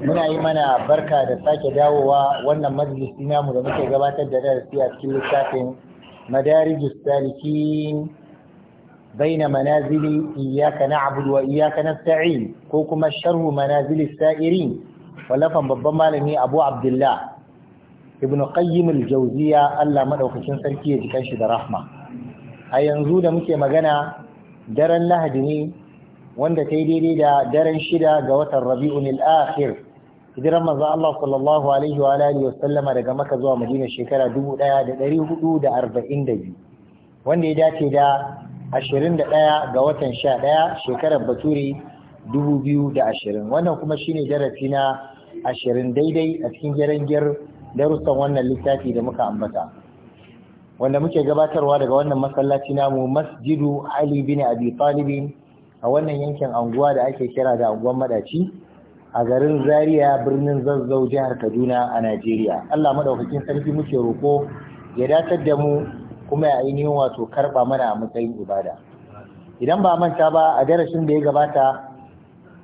muna yi mana barka da sake dawowa wannan majalisi namu da muke gabatar da darasi a cikin littafin madarijus salikin baina manazili na Abudu wa na nasta'in ko kuma sharhu manazili sa'irin wallafan babban malami Abu Abdullah Ibn Qayyim al-Jawziya Allah madaukakin sarki ya jikan shi da rahma a yanzu da muke magana daren Lahadi ne wanda ta yi daidai da daren shida ga watan Rabi'un al-Akhir hijiran manzo Allah sallallahu alaihi wa alihi wa sallama daga Makka zuwa Madina shekara 1442 wanda ya dace da 21 ga watan 11 shekarar Baturi 2020 wannan kuma shine darasi na 20 daidai a cikin jarangiyar darussan wannan littafi da muka ambata wanda muke gabatarwa daga wannan masallaci namu Masjidu Ali bin Abi Talib a wannan yankin anguwa da ake kira da anguwan madaci a garin Zaria birnin Zazzau jihar Kaduna a Najeriya. Allah madaukakin sarki muke roko ya datar da mu kuma ya ainihin wato karba mana a matsayin ibada. Idan ba manta ba a darasin da ya gabata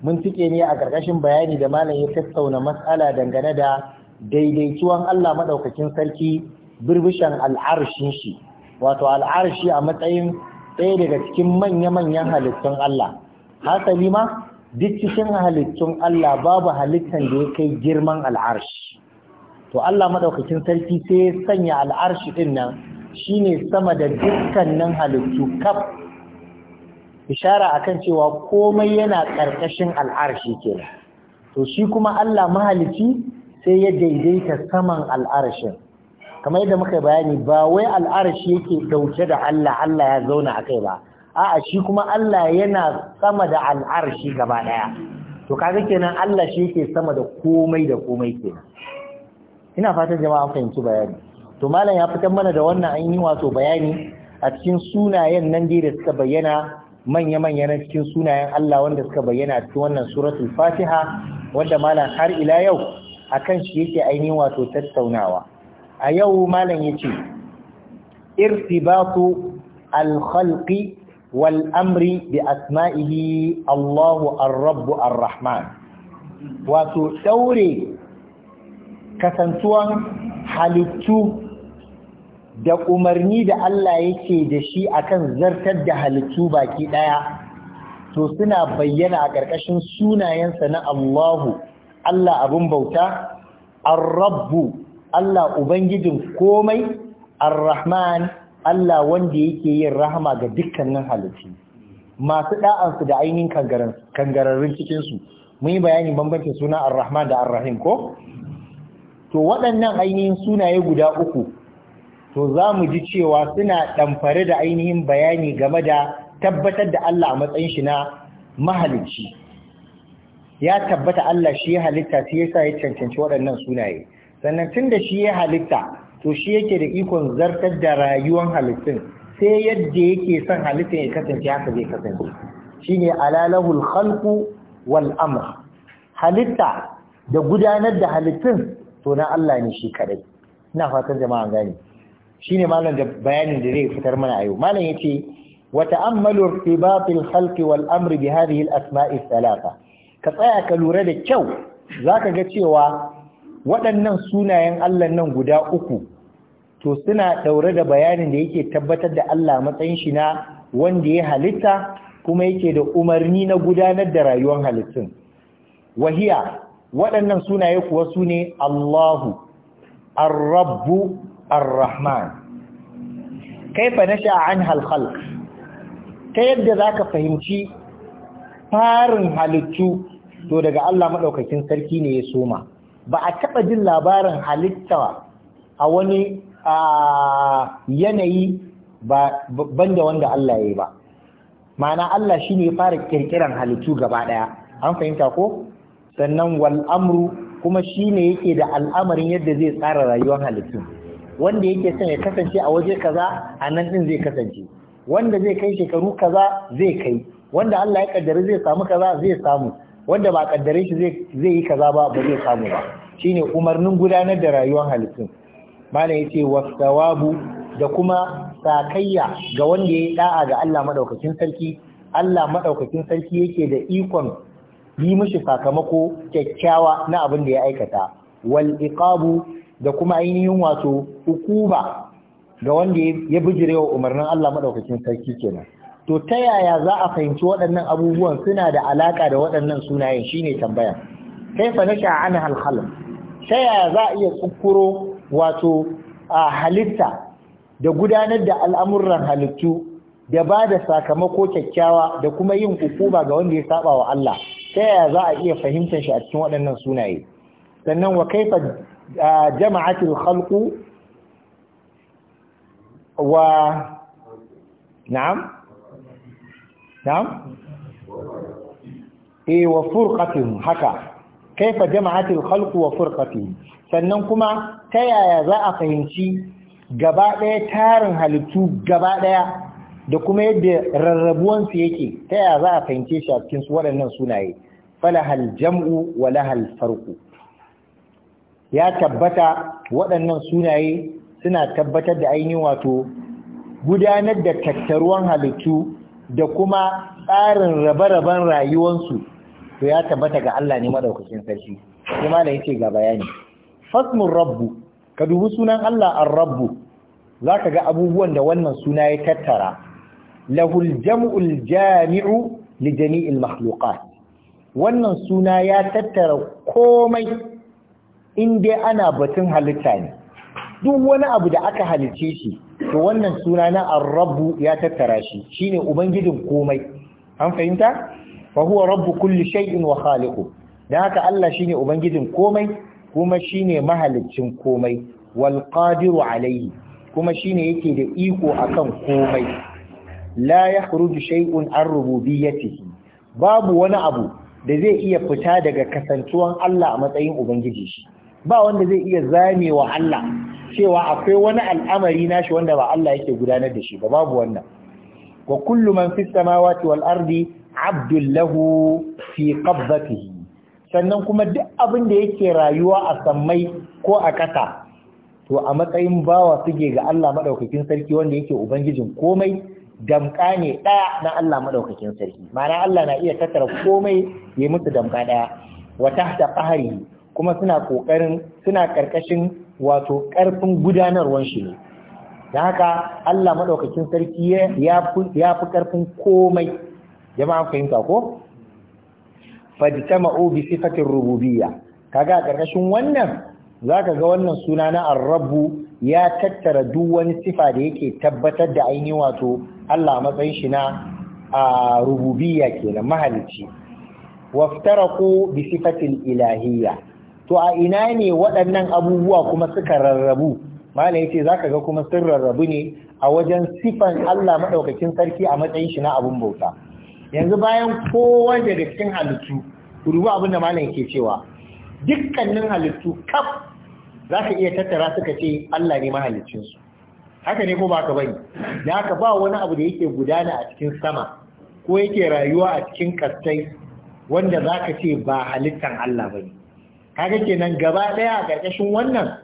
mun tike ne a karkashin bayani da malam ya tattauna matsala dangane da daidaituwan Allah madaukakin sarki birbishan al'arshin shi wato al'arshi a matsayin ɗaya daga cikin manya-manyan halittun Allah. Hasali ma duk cikin halittun Allah babu halittan da ya kai girman al'arshi to Allah madaukakin sarki sai ya sanya al'arshi din nan shine sama da dukkanin halittu kaf ishara akan cewa komai yana karkashin al'arshi kenan to shi kuma Allah mahalici sai ya daidaita saman al'arshin kamar yadda muka bayani ba wai al'arshi yake dauke da Allah Allah ya zauna a kai ba a'a shi kuma Allah yana sama da al'arshi gaba daya to kaga kenan Allah shi yake sama da komai da komai kenan ina fatan jama'a an fahimci bayani to malam ya fitar mana da wannan an yi wato bayani a cikin sunayen nan dai da suka bayyana manya-manya na cikin sunayen Allah wanda suka bayyana a cikin wannan suratul Fatiha wanda malam har ila yau akan shi yake ainihin wato tattaunawa a yau malam yace irtibatu al-khalqi wal amri bi asma'ihi Allahu ar rabbu ar-rahman wato ɗaure kasantuwan halittu da umarni da Allah yake da shi akan zartar da halittu baki ɗaya, to suna bayyana a ƙarƙashin sunayensa na Allahu Allah abin bauta ar rabbu Allah ubangijin komai ar-rahman Allah wanda yake yin rahama ga dukkanin halittu masu ɗa'ansu da ainihin kangararrun cikinsu mun yi bayani bambancin suna ar-rahman da arrahim rahim ko to waɗannan ainihin sunaye guda uku to za mu ji cewa suna ɗamfare da ainihin bayani game da tabbatar da Allah a matsayin shi na mahalicci ya tabbata Allah shi ya halitta shi sa ya cancanci waɗannan sunaye sannan tun da shi ya halitta to shi yake da ikon zartar da rayuwan halittun sai yadda yake son halittun ya kasance haka zai kasance ne alalahul halku wal amr halitta da gudanar da halittun to na Allah ne shi kadai ina fatan jama'a gani ne malam da bayanin da zai fitar mana a yau malam yace wa ta'ammalu irtibatil khalqi wal amri bi hadhihi al asma'i thalatha ka tsaya ka lura da kyau zaka ga cewa waɗannan sunayen Allah nan guda uku to suna ɗaure da bayanin da yake tabbatar da Allah matsayin shi na wanda ya halitta kuma yake da umarni na gudanar da rayuwar halittun wahiya waɗannan sunaye kuwa su ne Allahu ar-rabbu ar-rahman kaifa nasha an halkhalq ta yadda zaka fahimci farin halittu to daga Allah madaukakin sarki ne ya soma ba a taɓa jin labarin halitta a wani a yanayi ba banda wanda Allah ya yi ba ma'ana Allah shi ne fara kirkiran halittu gaba ɗaya an fahimta ko sannan wal amru kuma shi ne yake da al'amarin yadda zai tsara rayuwar halittu wanda yake son ya kasance a waje kaza a nan ɗin zai kasance wanda zai kai shekaru kaza zai kai wanda Allah ya kaddare zai samu kaza zai samu wanda ba kaddare shi zai yi kaza ba ba zai samu ba shine umarnin gudanar da rayuwar halittu mana yace wasawabu da kuma sakayya ga wanda ya yayi da'a ga Allah madaukakin sarki Allah madaukakin sarki yake da ikon yi mishi sakamako kyakkyawa na abin da ya aikata wal iqabu da kuma ainihin wato hukuba ga wanda ya bijirewa umarnin Allah madaukakin sarki kenan to ta yaya za a fahimci waɗannan abubuwan suna da alaƙa da waɗannan sunayen shine tambaya kaifa nasha anha al-khalq ta yaya za a iya tsukuro wato a halitta da gudanar da al'amuran halittu da ba da sakamako kyakkyawa da kuma yin hukuma ga wanda ya saba wa Allah ta yaya za a iya fahimtar shi a cikin waɗannan sunaye sannan wa kaifa jama'atul khalqu wa na'am na'am eh wa haka kaifa jama'atul khalqu wa sannan kuma ta yaya za a fahimci gaba ɗaya tarin halittu gaba ɗaya da kuma yadda rarrabuwansu yake ta yaya za a fahimce shi a cikin su waɗannan sunaye falahal jam'u wa lahal farqu ya tabbata waɗannan sunaye suna tabbatar da ainihin wato gudanar da tattaruwan halittu da kuma tsarin rabe-raben rayuwansu to ya tabbata ga Allah ne madaukakin sarki kuma da yake ga bayani fasmur rabbu ka dubi sunan Allah ar-rabbu ka ga abubuwan da wannan suna ya tattara lahul jam'ul jami'u li jami'il makhluqat wannan suna ya tattara komai in dai ana batun halitta ne duk wani abu da aka halice shi to wannan suna na ar-rabbu ya tattara shi shine ubangijin komai an fahimta fa huwa rabbu kulli shay'in wa khaliqu dan haka Allah shine ubangijin komai kuma shine mahalicin komai wal qadiru alaihi kuma shine yake da iko akan komai la yakhruju shay'un an rububiyyatihi babu wani abu da zai iya fita daga kasantuwan Allah a matsayin ubangiji shi ba wanda zai iya zamewa Allah cewa akwai wani al'amari nashi wanda ba Allah yake gudanar da shi ba babu wannan wa kullu man fis samawati wal ardi abdullahu lahu fi qabdatihi sannan kuma duk abin da yake rayuwa a sammai ko a ƙasa to a matsayin bawa suke ga Allah maɗaukakin sarki wanda yake ubangijin komai damƙa ne ɗaya na Allah maɗaukakin sarki ma'ana Allah na iya tattara komai ya musu damƙa ɗaya wa tahta qahri kuma suna ƙoƙarin suna ƙarƙashin wato ƙarfin gudanarwan shi ne da haka Allah maɗaukakin sarki ya fi ƙarfin komai jama'a fahimta ko fajtama'u bi sifatin rububiyya kaga a karkashin wannan zaka ga wannan suna na ar ya tattara duk wani sifa da yake tabbatar da ainihin wato Allah matsayin shi na a rububiyya kenan mahalicci waftaraku bi sifatin ilahiyya to a ina ne waɗannan abubuwa kuma suka rarrabu malai yace zaka ga kuma sun rarrabu ne a wajen sifan Allah madaukakin sarki a matsayin shi na abun bauta yanzu bayan kowa da cikin halittu ku abin da malam ke cewa dukkanin halittu kaf za ka iya tattara suka ce Allah ne mahalicinsu haka ne ko ba ka bani da haka ba wani abu da yake gudana a cikin sama ko yake rayuwa a cikin kastai wanda za ka ce ba halittan Allah bane kaga kenan gaba ɗaya a ƙarƙashin wannan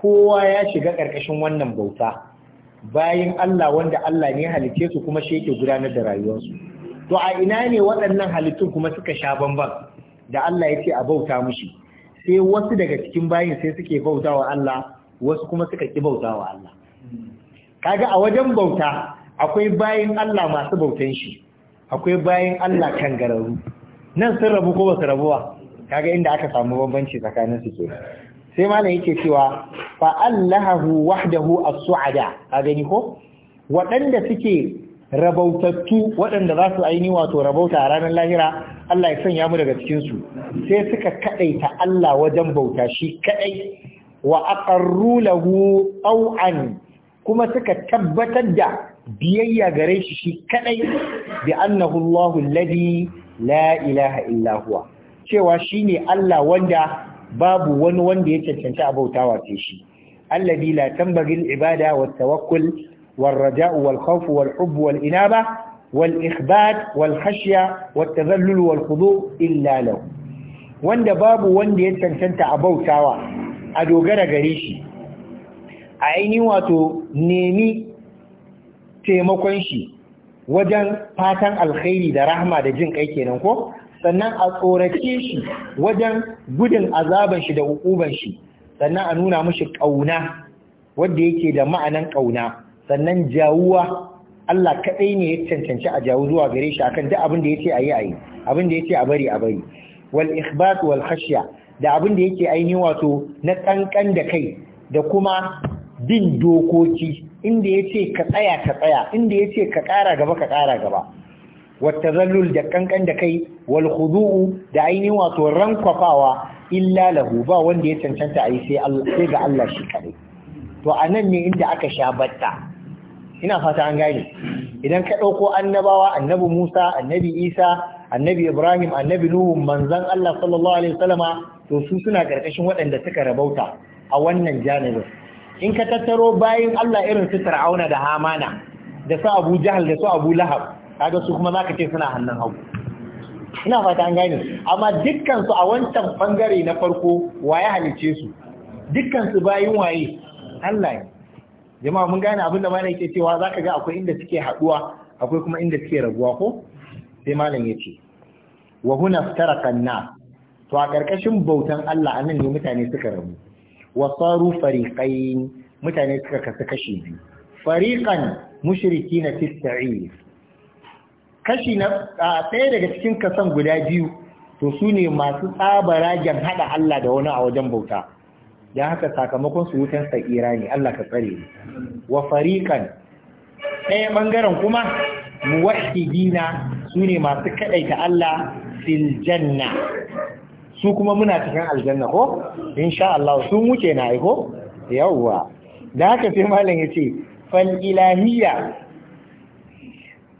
kowa ya shiga ƙarƙashin wannan bauta bayan Allah wanda Allah ne halicce su kuma shi yake gudanar da rayuwarsu to a ina ne waɗannan halittun kuma suka sha bamban da Allah ya ce a bauta mushi sai wasu daga cikin bayin sai suke bauta wa Allah wasu kuma suka ki bauta wa Allah kaga a wajen bauta akwai bayin Allah masu bautan shi akwai bayin Allah kan kangararru nan sun rabu ko basu rabuwa kaga inda aka samu bambanci tsakanin su ke sai malam yake cewa fa Allahu wahdahu as-su'ada a gani ko waɗanda suke rabautattu waɗanda za su aini wato rabauta a ranar lahira Allah ya sanya mu daga cikinsu sai suka kaɗaita Allah wajen bauta shi kaɗai wa aqarru lahu ƙau'an kuma suka tabbatar da biyayya gare shi shi kaɗai bi annahu Allahu alladhi la ilaha illa huwa cewa shine Allah wanda babu wani wanda ya cancanta a bautawa sai shi alladhi la tambagil ibada wa tawakkul والرجاء والخوف والحب والإنابة والإخبات والخشية والتذلل babu إلا ya وان باب bautawa, a أبو تاوى أدو غرى غريشي أعيني واتو نيمي shi wajen fatan alkhairi da rahma da jin kai kenan ko sannan a tsorace shi wajen gudun azaban shi da hukuban shi sannan a nuna mishi kauna wanda yake da ma'anan kauna sannan jawuwa Allah kaɗai ne ya cancanci a jawu zuwa gare shi akan duk abin da ya ce a yi a yi abin da ya ce a bari a bari wal ikhbat wal khashya da abin da yake ainihin wato na kankan da kai da kuma bin dokoki inda ya ce ka tsaya ka tsaya inda ya ce ka ƙara gaba ka ƙara gaba wata zallul da kankan da kai wal khudu'u da aini wato rankwafawa illa lahu ba wanda ya cancanta a yi sai ga Allah shi kaɗai. to anan ne inda aka sha batta ina fata an gane idan ka ɗauko annabawa annabi musa annabi isa annabi ibrahim annabi nuhu manzan allah sallallahu alaihi wasallama to su suna ƙarƙashin waɗanda suka rabauta a wannan janibin in ka tattaro bayan allah irin su fir'auna da hamana da su abu jahal da su abu lahab kaga su kuma zaka ce suna hannun hagu ina fata an gane amma dukkan su a wancan bangare na farko waye halice su dukkan su bayin waye Allah jama'a mun gane abinda da malam yake cewa zaka ga akwai inda suke haduwa akwai kuma inda suke raguwa ko sai malam ya ce wa huna ftarakan na to a karkashin bautan Allah anan ne mutane suka rabu wa saru fariqain mutane suka kasu kashi biyu fariqan mushrikina fi kashi na ɗaya daga cikin kasan guda biyu to su ne masu ragen haɗa Allah da wani a wajen bauta Da haka sakamakon su wutan sa'ira ne Allah ka tsare ni wa fariqan ɗaya bangaren kuma muwahhidina sune masu kadaita Allah fil janna su kuma muna cikin aljanna ko insha Allah su muke na aiko yawwa da haka sai malam yace fal ilahiyya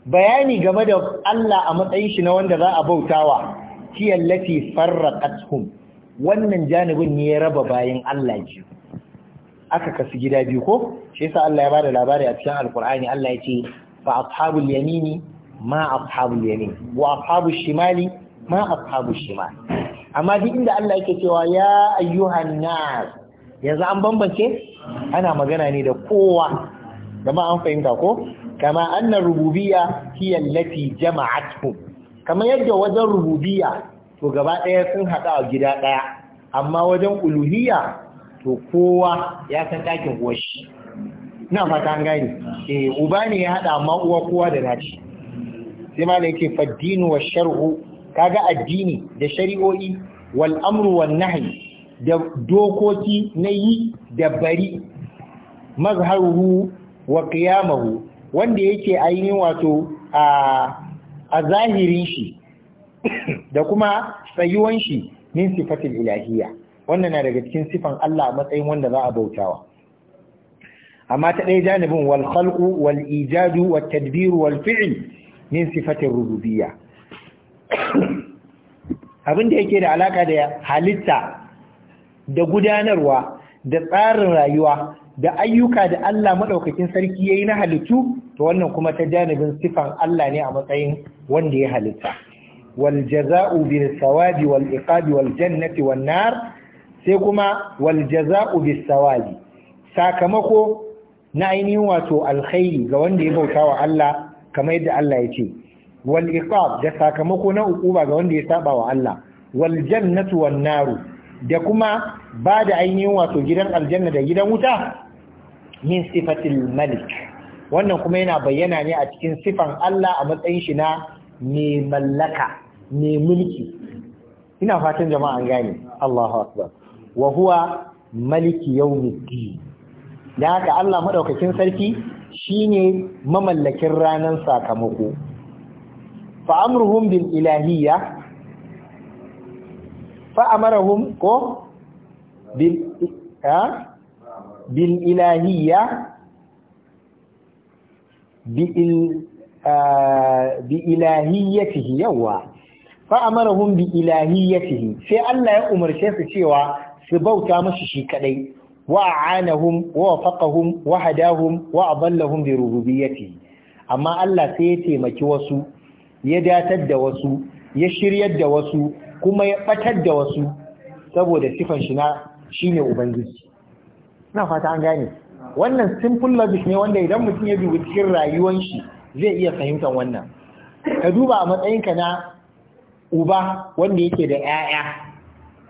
bayani game da Allah a matsayin shi na wanda za a bautawa hiyallati farraqathum wannan janibin ne ya raba bayan Allah biyu aka kasu gida biyu ko shi yasa Allah ya bada labari a cikin alkur'ani Allah ya ce fa ashabul yamini ma ashabul yamin wa ashabul shimali ma ashabul shimal amma duk inda Allah yake cewa ya ayyuhan nas yanzu an bambance ana magana ne da kowa dama an fahimta ko kama annar rububiyya hiya allati jama'atkum kama yadda wajen rububiyya to gaba ɗaya sun haɗa a gida ɗaya amma wajen uluhiyya to kowa ya san ɗakin shi. na fata an gani eh uba ne ya haɗa amma uwa kowa da naci sai ma yake faddinu wa shar'u kaga addini da shari'o'i wal amru wan da dokoki na yi da bari mazharuhu wa qiyamahu wanda yake ainihin wato a a zahirin shi da kuma tsayuwan shi min sifatil ilahiyya wannan na daga cikin sifan Allah a matsayin wanda za a bautawa amma ta ɗaya janibin wal khalqu wal ijadu wat tadbiru wal fi'l min sifatir rububiyya abin da yake da alaka da halitta da gudanarwa da tsarin rayuwa da ayyuka da Allah Madaukakin sarki yayi na halittu to wannan kuma ta janibin sifan Allah ne a matsayin wanda ya halitta wal jaza'u bil sawabi wal iqabi wal jannati wan sai kuma wal jaza'u bis sawabi sakamako na ainihin wato alkhairi ga wanda ya bauta wa Allah kamar yadda Allah ya ce wal iqab da sakamako na ukuba ga wanda ya saba wa Allah wal jannatu wan da kuma ba da ainihin wato gidan aljanna da gidan wuta min sifatil malik wannan kuma yana bayyana ne a cikin sifan Allah a matsayin shi na mai mallaka mai mulki ina fatan jama'a an gane Allahu akbar wa huwa maliki yawmiddin da haka Allah madaukakin sarki shine mamallakin ranan sakamako fa amruhum bil ilahiyya fa amarahum ko bil ha bil ilahiyya bil bi ilahiyyatihi yawa fa amarahum bi ilahiyyatihi sai Allah ya umarce su cewa su bauta mashi shi kadai wa aanahum wa wafaqahum wa hadahum wa adallahum bi rububiyyatihi amma Allah sai ya taimaki wasu ya datar da wasu ya shiryar da wasu kuma ya batar da wasu saboda sifan shi na shine ubangiji ina fata an gane wannan simple logic ne wanda idan mutum ya bi cikin rayuwar shi zai iya fahimtar wannan ka duba a matsayinka na uba wanda yake da 'ya'ya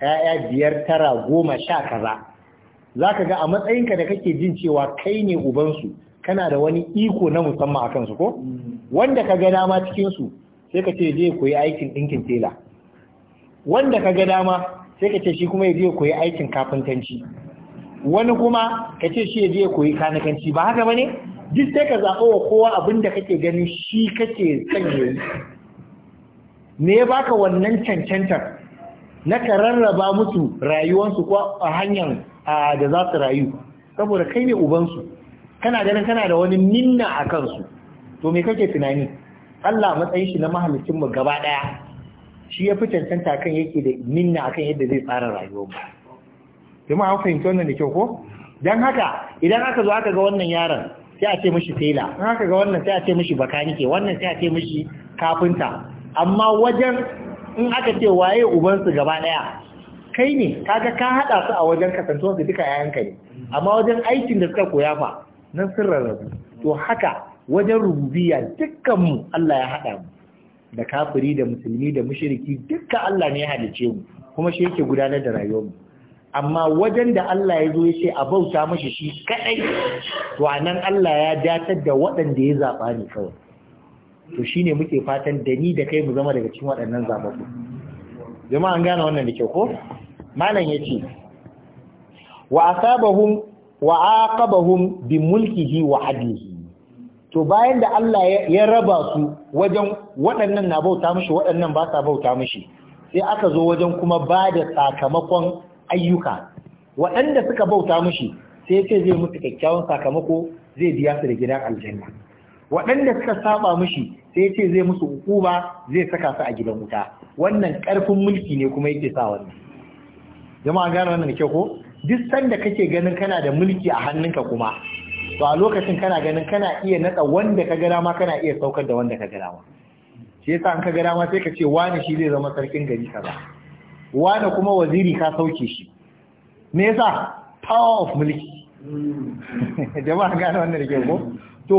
'ya'ya biyar tara goma sha kaza za ka ga a matsayinka da kake jin cewa kai ne ubansu kana da wani iko na musamman a kansu ko wanda ka ga dama cikinsu sai ka ce je koyi aikin ɗinkin tela wanda ka ga dama sai ka ce shi kuma ya je koyi aikin kafintanci wani kuma ka ce shi ya je koyi kanikanci ba haka ba ne duk sai ka zaɓo wa kowa abin da kake ganin shi kake sanya yayi me ya baka wannan cancantar na ka rarraba musu rayuwansu ko a hanyar da za su rayu saboda kai ne ubansu kana ganin kana da wani minna a kansu to me kake tunani Allah matsayin shi na mahallicin mu gaba daya shi ya fi cancanta kan yake da minna akan yadda zai tsara rayuwar mu kuma an fahimci wannan da kyau ko Don haka idan aka zo aka ga wannan yaron sai a ce mishi tela in haka ga wannan sai a ce mishi bakanike wannan sai a ce mishi kafinta amma wajen in aka ce waye ubansu gaba daya kai ne kaga ka hada su a wajen kasantuwar su duka yayanka ne amma wajen aikin da suka koya fa nan sun rarrabu to haka wajen rububiyya dukkan mu Allah ya hada mu da kafiri da musulmi da mushriki dukkan Allah ne ya halice mu kuma shi yake gudanar da rayuwar mu amma wajen da Allah ya zo ya ce a bauta mashi shi kadai to anan Allah ya datar da waɗanda ya zaba ne kawai to shine muke fatan da ni da kai mu zama daga cikin waɗannan zababu jama'a an gane wannan da kyau ko malam yace wa asabahum wa aqabahum bi mulkihi wa adlihi to bayan da Allah ya raba su wajen waɗannan na bauta mashi waɗannan ba sa bauta mashi, sai aka zo wajen kuma ba da sakamakon ayyuka waɗanda suka bauta mushi sai ce zai musu kyakkyawan sakamako zai biya su da gidan aljanna waɗanda suka saba mushi sai ce zai musu hukuma zai saka su a gidan wuta wannan ƙarfin mulki ne kuma yake sa wannan jama'a gane wannan kyau ko duk sanda kake ganin kana da mulki a hannunka kuma to a lokacin kana ganin kana iya natsa wanda ka gada ma kana iya saukar da wanda ka gada ma shi yasa an ka gada ma sai ka ce wani shi zai zama sarkin gari kaza wani kuma waziri ka sauke shi me yasa power of mulki hmm. jama'a gane wannan ke ko to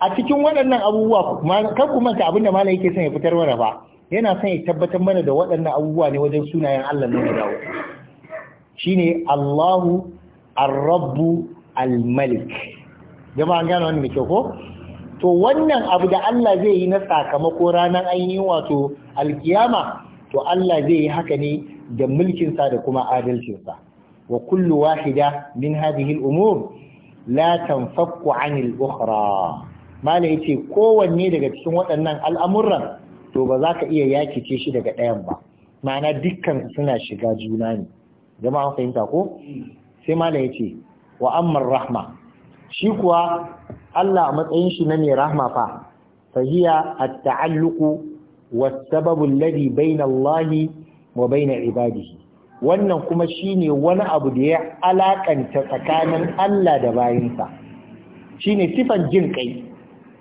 a cikin waɗannan abubuwa kan kuma ka abinda malai yake son ya fitar wara ba yana son ya tabbatar mana da waɗannan abubuwa ne wajen sunayen Allah ne dawo ne Allahu Ar-Rabbu Al-Malik jama'a gane wannan ke ko to wannan abu da Allah zai yi na sakamako ranar ainihin wato alkiyama to Allah zai yi haka ne da mulkinsa da kuma adalcinsa wa kullu wahida min hadhihi al-umur la tanfakku 'anil ukhra mala yace kowanne daga cikin waɗannan al'amuran to ba za ka iya yakice shi daga ɗayan ba ma'ana dukkan suna shiga juna ne jama'a fahimta ko sai Malam yace wa ammar rahma shi kuwa Allah a matsayin shi na mai rahma fa fahiya at-ta'alluqu والسبب الذي بين الله وبين عباده wannan kuma shine wani abu da ya alakanta tsakanin Allah da bayinsa shine sifan jin kai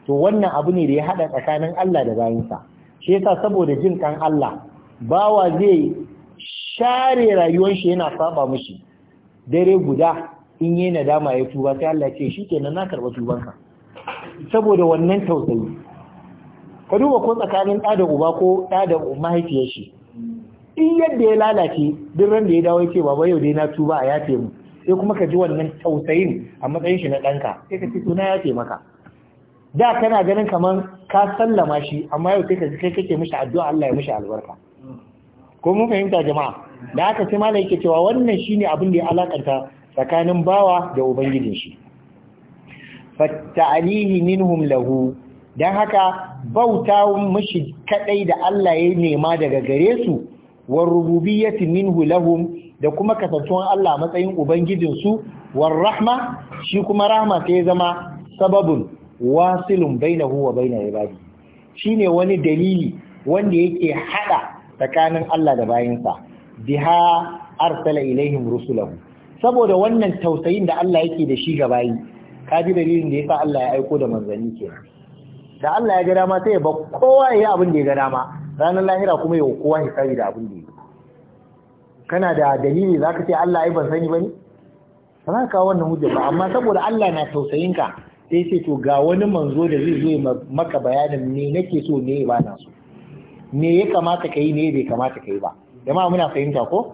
to wannan abu ne da ya hada tsakanin Allah da bayinsa shi yasa saboda jin kan Allah bawa zai share rayuwar shi yana saba mishi dare guda in yi nadama ya tuba sai Allah ya ce shikenan na karba tubanka saboda wannan tausayi ka duba ko tsakanin ɗa da uba ko ɗa da mahaifiyar shi in yadda ya lalace duk ran da ya dawo ce baba yau dai na tuba a yafe mu sai kuma ka ji wannan tausayin a matsayin shi na ɗanka sai ka ce to na yafe maka da kana ganin kamar ka sallama shi amma yau sai ka kai kake mishi addu'a Allah ya mishi albarka ko mun fahimta jama'a da aka ce malai yake cewa wannan shine abin da ya alakanta tsakanin bawa da ubangijin shi Alihi minhum lahu don haka bauta mashi kadai da Allah ya nema daga gare su war rububiyyati minhu lahum da kuma kasantuwan Allah matsayin ubangijin su war rahma shi kuma rahma ya zama sababun wasilun bainahu wa bainal ibadi shine wani dalili wanda yake haɗa tsakanin Allah da bayinsa biha arsala ilaihim rusulahu saboda wannan tausayin da Allah yake da shi ga bayi kaji dalilin da yasa Allah ya aiko da manzanni kenan da Allah ya ga dama sai ya ba kowa ya yi abin da ya ga dama ranar lahira kuma ya kowa ya tsari da abin da ya kana da dalili za ka ce Allah yi ban sani ba ne ba za ka wannan hujjar ba amma saboda Allah na tausayin ka sai ce to ga wani manzo da zai zo maka bayanin ne nake so ne ba na so me ya kamata ka yi ne bai kamata ka yi ba jama'a muna fahimta ko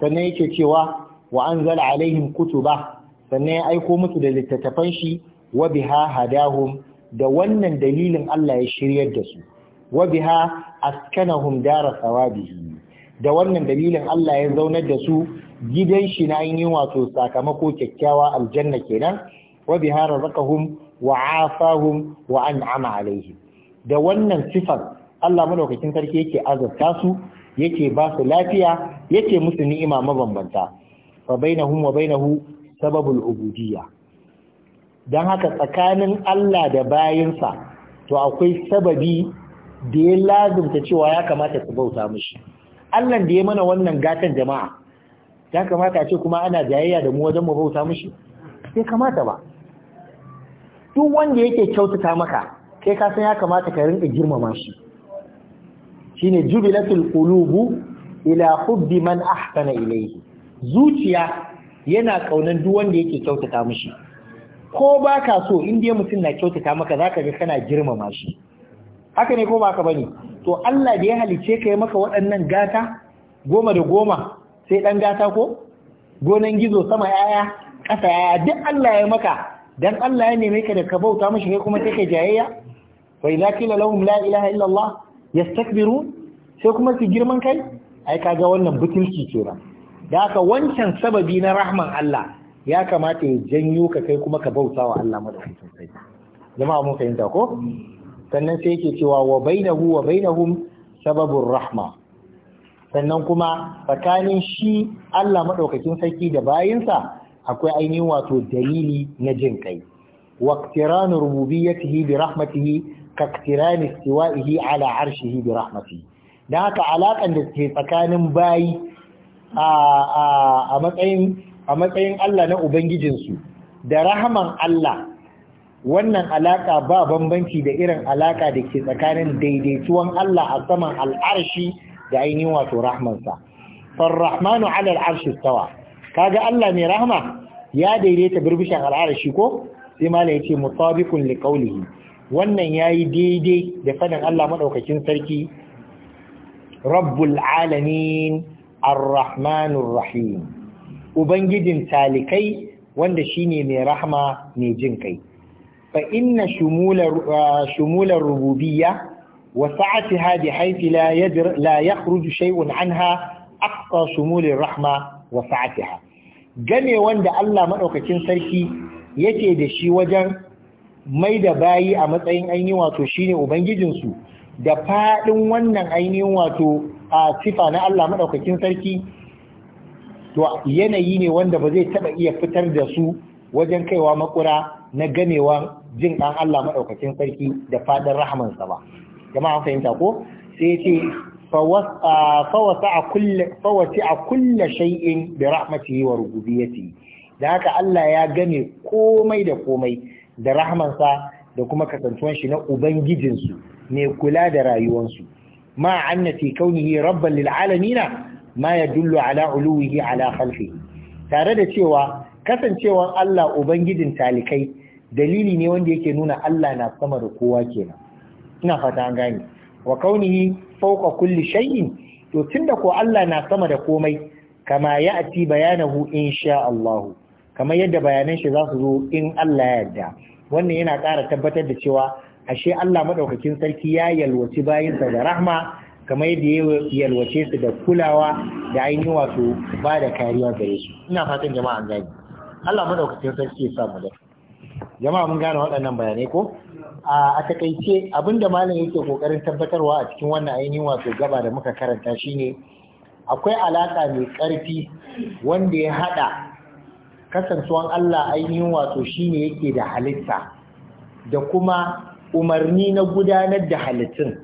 sannan yake cewa wa an zala alaihim kutuba sannan ya aiko musu da littattafan shi wa biha hadahum da wannan dalilin Allah ya shiryar da su wa biha askanahum dara sawabihi da wannan dalilin Allah ya zaunar da su gidan shi na yin wato sakamako kyakkyawa aljanna kenan wa biha razaqahum wa afahum wa an'ama alaihim da wannan sifar Allah madaukakin sarki yake azabta su yake ba su lafiya yake musu ni'ima mabambanta fa bainahum wa bainahu sababul ubudiyya don haka tsakanin Allah da bayansa, to akwai sababi da ya lazumta cewa ya kamata su bauta mushi. Allah da ya mana wannan gatan jama'a ya kamata ce kuma ana jayayya da mu wajen mu bauta mushi? sai kamata ba duk wanda yake kyautata maka kai ka san ya kamata ka rinka girmama shi Shi shine jubilatul ƙulubu ila hubbi man ahsana ilaihi. zuciya yana ƙaunar duk wanda yake kyautata mushi. ko ba ka so in dai mutum na kyautata maka za ka ga kana girmama shi haka ne ko ba ka bane to Allah da ya halice ka yi maka waɗannan gata goma da goma sai ɗan gata ko gonan gizo sama yaya ƙasa yaya duk Allah ya maka dan Allah ya neme ka da ka bauta mashi kai kuma take jayayya wa idza qila lahum la ilaha illa Allah yastakbirun sai kuma su girman kai ai kaga wannan butulci ba da haka wancan sababi na rahman Allah ya kamata ya janyo ka kai kuma ka bauta wa Allah madaukakin sarki jama'a mun fahimta ko sannan sai yake cewa wa bainahu wa bainahum sababur rahma sannan kuma tsakanin shi Allah madaukakin sarki da bayinsa akwai ainihin wato dalili na jin kai wa iktiranu rububiyyatihi bi rahmatihi ka istiwa'ihi ala arshihi bi rahmatihi dan haka alakan da ke tsakanin bayi a matsayin a matsayin Allah na Ubangijinsu da rahaman Allah wannan alaka ba bambanci da irin alaka da ke tsakanin daidaituwan Allah a saman al'arshi da ainihin wato rahmansa. Farrahmanu alal al'arshi tawa, kaga Allah mai rahma ya daidaita birbishin al'arshi ko? Sai mala ya ce mutabikun liƙaulihi, wannan ya yi daidai da faɗin Allah maɗaukakin sarki, Rabbul alamin, ar rahmanu Rahim. ubangijin talikai wanda shine mai rahma mai jin kai fa inna shumular uh, rububiyya wa sa'ati bi haifi la ya la shai'un an anha aqsa shumular rahma wa ha. game wanda Allah madaukakin sarki yake da shi wajen mai da bayi a matsayin ainihin wato shine ubangijinsu da faɗin wannan ainihin wato a sifa na Allah maɗaukakin sarki to yanayi ne wanda ba zai taba iya fitar da su wajen kaiwa makura na ganewa jin ɗan Allah maɗaukacin sarki da faɗin rahamansa ba jama'a fahimta ko sai ce fawasi a kulle shay'in da rahmatihi wa rububiyati da haka Allah ya gane komai da komai da rahamansa da kuma kasantuwan shi na ubangijinsu mai kula da rayuwansu ma annati kaunihi rabban lil alamina ma dullu ala uluwihi ala khalfihi tare da cewa kasancewar Allah ubangijin talikai dalili ne wanda yake nuna Allah na sama da kowa kenan ina fata an gane wa kaunihi fawqa kulli shay'in to tunda ko Allah na sama da komai kama ya'ti bayanahu insha Allah kamar yadda bayanan shi za su zo in Allah ya yarda wannan yana ƙara tabbatar da cewa ashe Allah madaukakin sarki ya yalwaci bayinsa da rahma kamar yadda ya yalwace su da kulawa da ainihin wato ba da kariya gare su ina fatan jama'a gani Allah madaukakin sarki ya samu da jama'a mun gane waɗannan bayanai ko a takaice abinda malam yake kokarin tabbatarwa a cikin wannan ainihin wato gaba da muka karanta shine akwai alaka mai ƙarfi wanda ya hada kasancewan Allah ainihin wato shine yake da halitta da kuma umarni na gudanar da halittun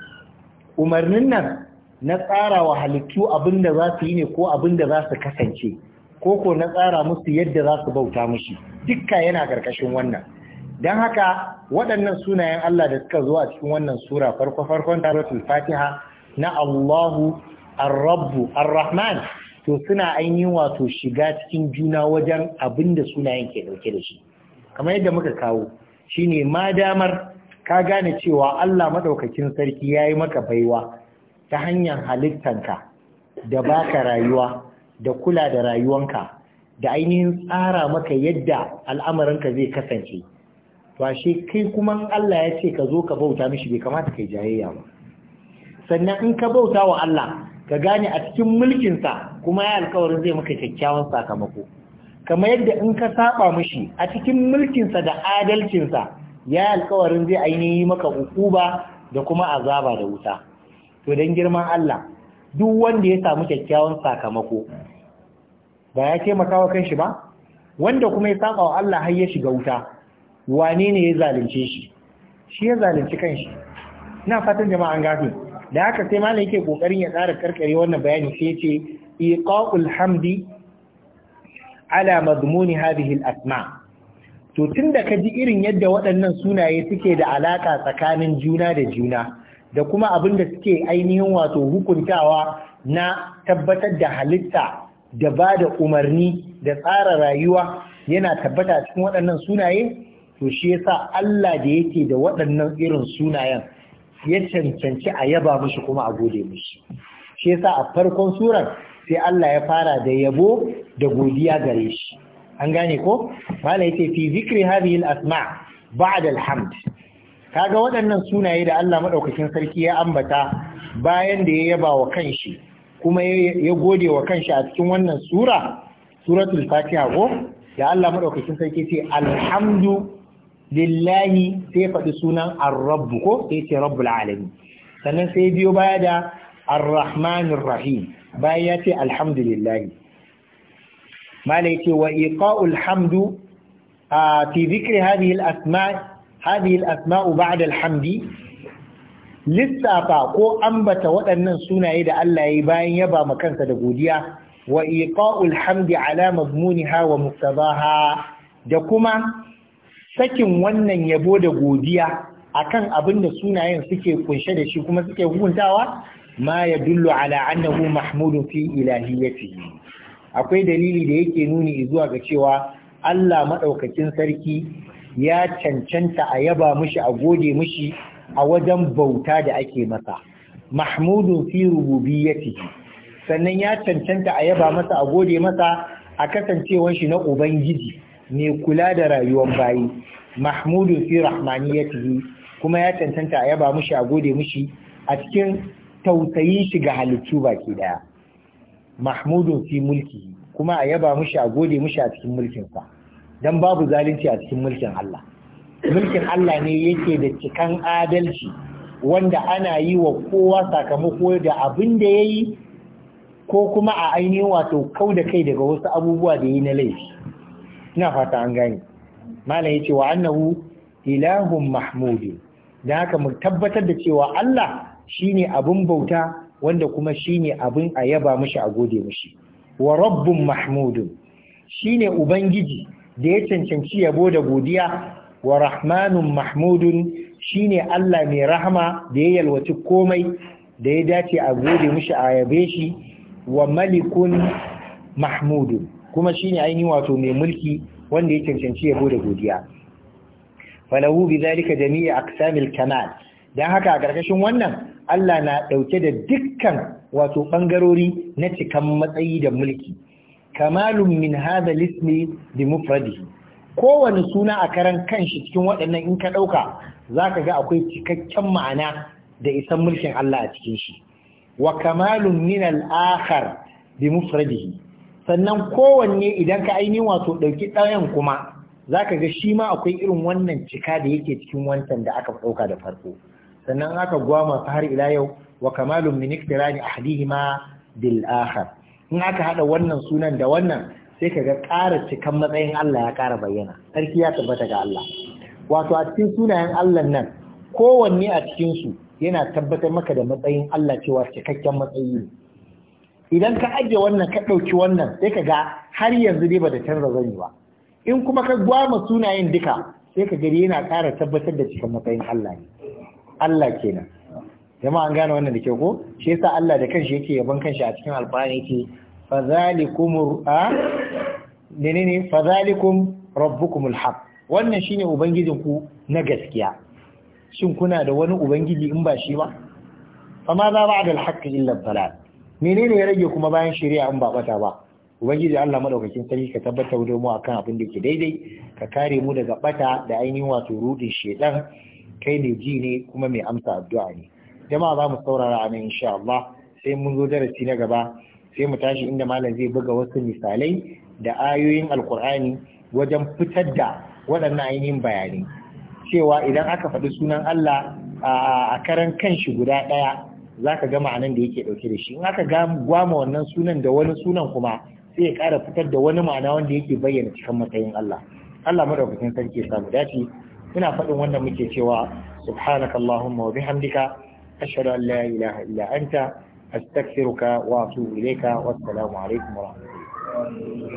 umarnin nan na tsara wa halittu abin da za su yi ne ko abin da za su kasance ko ko na tsara musu yadda za su bauta mushi dukka yana ƙarƙashin wannan don haka waɗannan sunayen Allah da suka zo a cikin wannan sura farko farkon taratul fatiha na Allahu ar-rabbu ar-rahman to suna ainihin wato shiga cikin juna wajen abinda da sunayen ke ɗauke da shi kamar yadda muka kawo shine madamar ka gane cewa Allah maɗaukakin sarki ya yi maka baiwa ta hanyar halittanka da baka rayuwa da kula da rayuwanka da ainihin tsara maka yadda al'amarinka zai kasance washe kai kuma Allah ya ce ka zo ka bauta mishi bai kamata kai jayayya ba sannan in ka bauta wa Allah ka gane a cikin mulkinsa kuma ya alkawarin zai maka kyakkyawan sakamako kamar yadda in ka saba mishi a cikin mulkinsa da adalcinsa ya alkawarin zai ainihi maka hukuba da kuma azaba da wuta to don girman Allah duk wanda ya samu kyakkyawan sakamako ba ya taimaka wa kanshi ba wanda kuma ya saba wa Allah har ya shiga wuta wane ne ya zalunce shi shi ya zalunci kanshi ina fatan jama'an gafi da haka sai malam yake kokarin ya tsara karkare wannan bayani sai ce iqa'ul hamdi ala madmuni hadhihi al-asma' to tun da ka ji irin yadda waɗannan sunaye suke da alaƙa tsakanin juna da juna da kuma abin da suke ainihin wato hukuntawa na tabbatar da halitta da ba da umarni da tsara rayuwa yana tabbata cikin waɗannan sunaye to shi yasa Allah da yake da waɗannan irin sunayen ya cancanci a yaba mushi kuma a gode mushi shi yasa a farkon surar sai Allah ya fara da yabo da godiya gare shi an gane ko malai yace fi zikri hadhihi al-asma' ba'da al-hamd kaga waɗannan sunaye da Allah madaukakin sarki ya ambata bayan da ya yaba wa kanshi kuma ya gode wa kanshi a cikin wannan sura suratul fatiha ko da Allah madaukakin sarki ce alhamdu lillahi sai faɗi sunan ar-rabb ko sai ce rabbul alamin sannan sai biyo baya da ar-rahmanir rahim bayan ya ce alhamdulillahi mala yace wa iqa'ul hamdu fi hadhihi al-asma' hadhihi al-asma'u ba'da al-hamdi lissafa ko ambata waɗannan sunaye da Allah yayi bayan yaba ma kansa da godiya wa iqa'ul hamdi ala mazmuniha wa muqtadaha da kuma sakin wannan yabo da godiya akan abinda sunayen suke kunshe da shi kuma suke hukuntawa ma ya dullu ala annahu mahmudun fi ilahiyyatihi akwai dalili da yake nuni zuwa ga cewa Allah maɗaukakin sarki ya cancanta a yaba mushi a gode mushi a wajen bauta da ake masa mahmudun fi rububiyyati sannan ya cancanta a yaba masa a gode masa a kasancewar shi na ubangiji mai kula da rayuwar bayi mahmudun fi rahmaniyyati kuma ya cancanta a yaba mushi a gode mushi a cikin tausayi shiga ga halittu baki daya mahmudun fi mulki kuma a yaba mushi a gode mushi a cikin mulkinsa don babu zalunci a cikin mulkin Allah mulkin Allah ne yake da cikan adalci wanda ana yi wa kowa sakamako da abin da ya yi ko kuma a ainihin wato kau da kai daga wasu abubuwa da ya yi na laifi ina fata an gani malam yace wa annahu ilahun mahmudin da haka mu tabbatar da cewa Allah shine abun bauta wanda kuma shine abin a yaba mushi a gode mushi. wa rabbun mahmudun shine ubangiji da ya cancanci yabo da godiya wa rahmanun mahmudun shine Allah mai rahama da ya yalwaci komai da ya dace a gode mishi a yabe shi wa malikun mahmudun kuma shine ainihin wato mai mulki wanda ya cancanci yabo da godiya falahu bi zalika jami'i aqsamil kamal dan haka a ƙarƙashin wannan Allah na ɗauke da dukkan wato ɓangarori na cikan matsayi da mulki kamalun min haza lismi bi mufradi. kowane suna a karan kanshi cikin waɗannan in ka ɗauka za ka ga akwai cikakken ma'ana da isan mulkin Allah a cikin shi wa kamalun min al bi sannan kowanne idan ka aini wato ɗauki ɗayan kuma za ka ga shi ma akwai irin wannan cika da yake cikin wancan da aka ɗauka da farko sannan aka gwama har ila yau wa kamalun min iktirani ahdihima bil akhar in aka hada wannan sunan da wannan sai kaga ƙara cikan matsayin Allah ya ƙara bayyana sarki ya tabbata ga Allah wato a cikin sunayen Allah nan kowanne a cikin su yana tabbatar maka da matsayin Allah cewa cikakken matsayi ne idan ka ajiye wannan ka dauki wannan sai ka ga har yanzu dai bata canza zani ba in kuma ka gwama sunayen duka sai ka gari yana ƙara tabbatar da cikin matsayin Allah ne Allah kenan jama'a an gane wannan da ke ko shi yasa Allah da kanshi yake yaban kanshi a cikin alqur'ani yake fadhalikum a menene rabbukumul haq wannan shine ubangijin ku na gaskiya shin kuna da wani ubangiji in ba shi ba fama za ba da illa dalal menene ya rage kuma bayan shari'a in ba bata ba ubangiji Allah madaukakin sarki ka tabbatar da mu akan abin da ke daidai ka kare mu daga bata da ainihin wato rudin shedan kai ne ji ne kuma mai amsa addu'a ne jama'a za mu saurara a nan insha Allah sai mun zo darasi na gaba sai mu tashi inda malam zai buga wasu misalai da ayoyin alkur'ani wajen fitar da waɗannan ainihin bayanai cewa idan aka faɗi sunan Allah a karan kan shi guda ɗaya za ka ga ma'anan da yake ɗauke da shi in aka gwama wannan sunan da wani sunan kuma sai ya ƙara fitar da wani ma'ana wanda yake bayyana cikin matsayin Allah Allah madaukakin sarki ya samu dace ina faɗin wannan muke cewa subhanaka allahumma wa bihamdika ashhadu an la ilaha illa anta astaghfiruka wa atubu ilayka wassalamu alaikum wa rahmatullahi